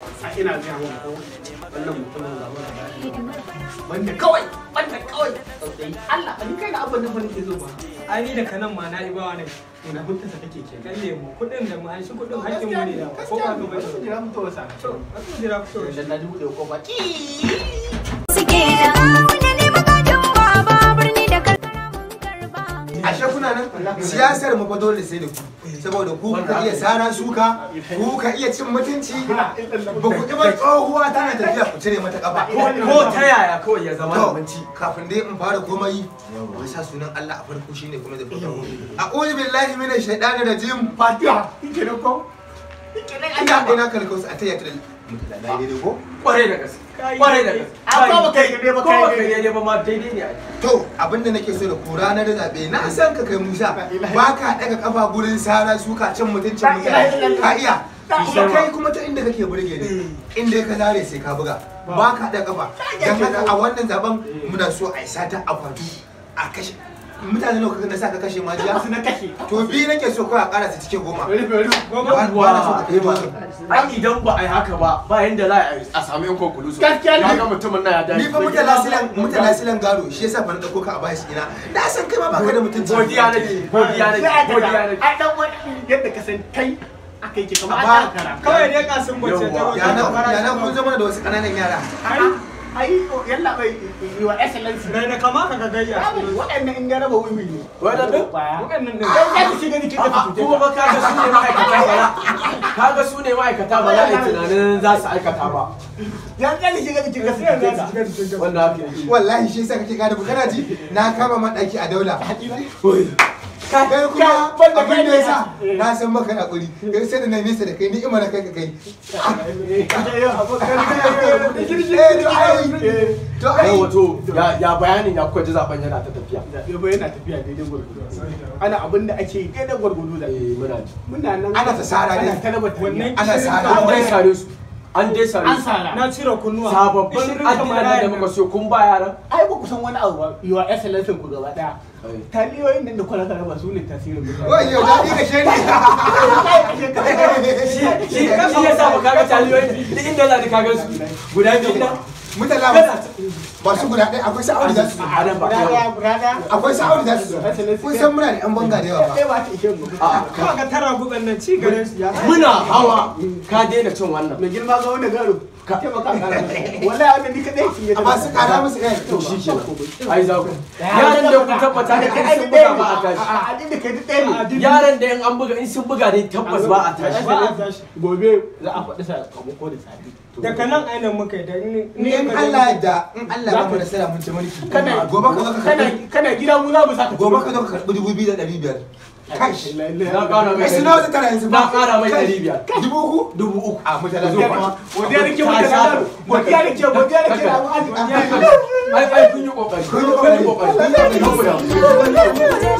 a ina gaya wa ko wannan mutumin ga wani wanda kawai wanda kawai tsautsayi Allah ni kai da abin da ban ke so ba ai ni da kanan ma na ibawa ne ina hukunta sa kake ke kalle mu kudin da mu an shi kudin hakkin mu ne da ko ba ka bai su jira mu to wasa to su jira ku to dan na ji bude ko ba ki suke da auna ne baba birni da karkara ashe kuna nan siyasar mu ba dole sai da ku saboda ku ka iya sara suka ku ka iya cin mutunci ba ku kuma tsohuwa tana tafiya ku cire mata kafa ko ta yaya kawai ya zama mutunci kafin dai in fara komai ku sa sunan Allah a farko shine kuma da a qul billahi minash shaitanir rajim fatiha kike ne ko kike ne ina kalkausa a tayyatul daidai ko da da kai ba ma ne to abinda nake so da ku ranar zabe na san ka kai musa ba ka daga kafa gurin sara suka can mutuncin mutane ka iya kai kuma ta inda kake burge ne hmm. inda ka zare sai ka buga ba ka daga kafa dan haka a wannan zaben hmm. muna so a isa ta akwati a kashe mutane nawa kaga na saka kashe ma jiya su na kashe to bi nake so kawai a kara su cikin goma an idan ba a yi haka ba ba yanda za a samu yan kokulu su gaskiya ne ga mutumin na ya dai ni fa mutan lasilan mutan lasilan gado shi yasa ban dauko ka a bashi ina na san kai ma ba ka da mutunci godiya ne godiya ne godiya ne a dan wani yadda ka san kai akai yi kamar a kara kawai dai kasin bace ta ya nan kun zama da wasu kananan yara ayi yalla bai yi eh, wa excellence ne kama ka gayya in ya raba wiwi ne ne dan shi ka ga su ne ka ga ne ma'aikata ba tunanin za su aikata ba yan k'a wallahi shi yasa kake gane kana na kama madaki a daula kai kuma abin da yasa na san maka hakuri kai sai da na nesa da kai ni'ima na kai ka kai eh, to ai wato ya bayanin ya kuka ji zaben yana ta tafiya zaben yana tafiya daidai gurgudu ana abin da ake daidai gurgudu da eh, muna muna nan ana ta sara ne ana sara ne an dai sare na cire kunnuwa sababbin addinan da muka so kun ba yaran ai ba ku san wani abu ba yiwa excellence ku gaba daya taliyoyin nan da kwala kala ba su ne tasirin mutane wai yau ni ga shedi shi shi ka sa ba kaga taliyoyin din inda za ka ga su guda biyu mutane ba su guda ɗaya akwai sa'auri za su akwai sa'auri su kun san muna da yan banga da yawa ba kawai ka tara nan ci muna hawa ka daina cin wannan mai girma ga wanda garo ka taimaka kara wallahi wannan ni kadai ki amma su kara musu kai to shi ke ai za ku yaran da ku tabbata da kai sun buga ba a tashi a din da kai duk ɗaya ne yaran da an buga in sun buga ne tabbas ba a tashi gobe za a faɗi sa ko da tsari daga nan ainihin muka yi da ni in Allah da Allah ba mu nasara mun ci mulki kana gobe ka zo ka kana kana gida mu za mu saka gobe ka zo ka karbi dubu biyu na ƙara mai yanzu na ƙara mai ɗari dubu uku dubu uku a mutala zo ba godiya nake mutala godiya nake godiya nake na mu'azzin ai ai kun yi kokari kun yi kokari